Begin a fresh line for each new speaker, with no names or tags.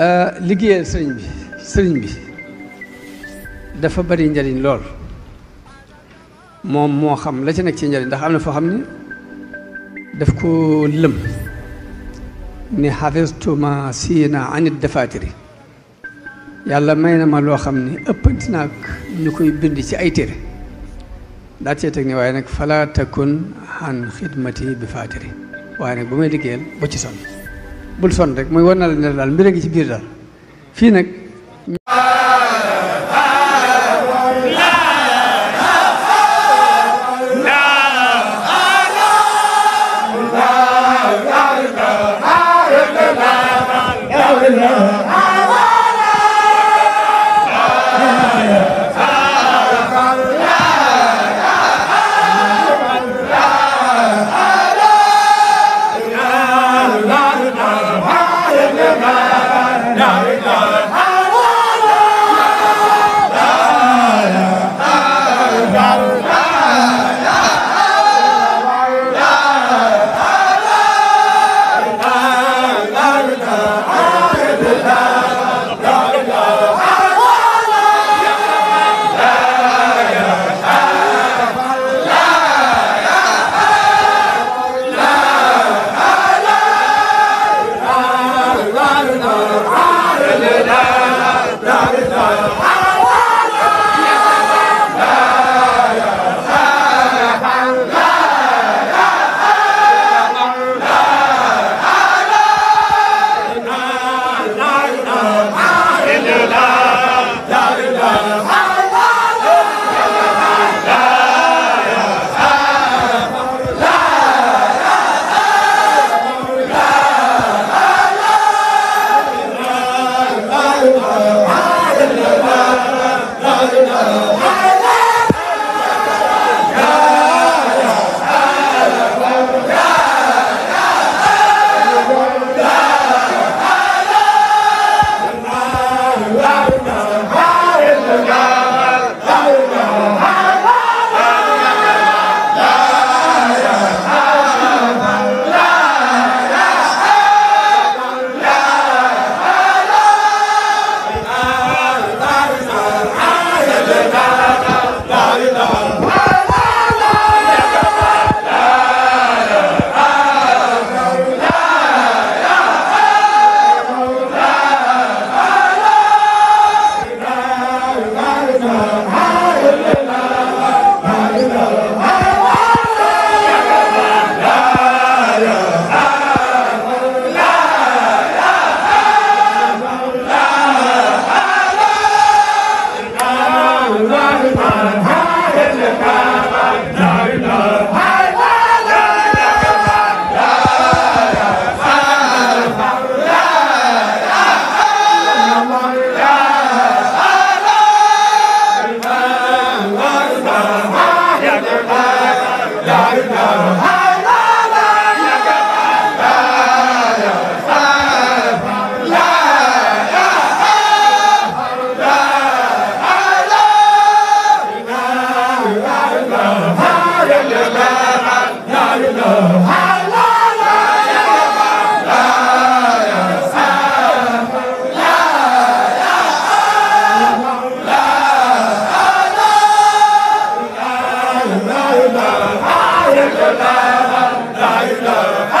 Euh, liggéeyal sëriñ bi sëriñ bi dafa bari njariñ lool moom moo xam la ci nekk ci njariñ ndax am na foo xam ne daf ko lëm ni xafistuma siina anit defaatiri yàlla may na ma loo xam ni ëppanti naa ak ñu koy bind ci ay téere daa cee teg ni waaye nag fala takun an xidmati bi faatiri waaye nag bu may liggéeyal ba ci sonn bul sonn rek mooy war na la daal mbir a ci biir fii nag ilaha